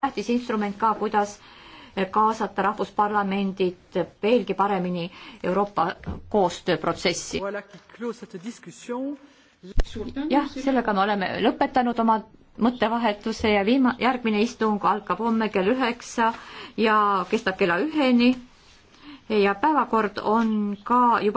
tähtis instrument ka, kuidas kaasata rahvusparlamendid veelgi paremini Euroopa koostööprotsessi. jah, sellega me oleme lõpetanud oma mõttevahetuse ja viima-, järgmine istung algab homme kell üheksa ja kestab kella üheni ja päevakord on ka juba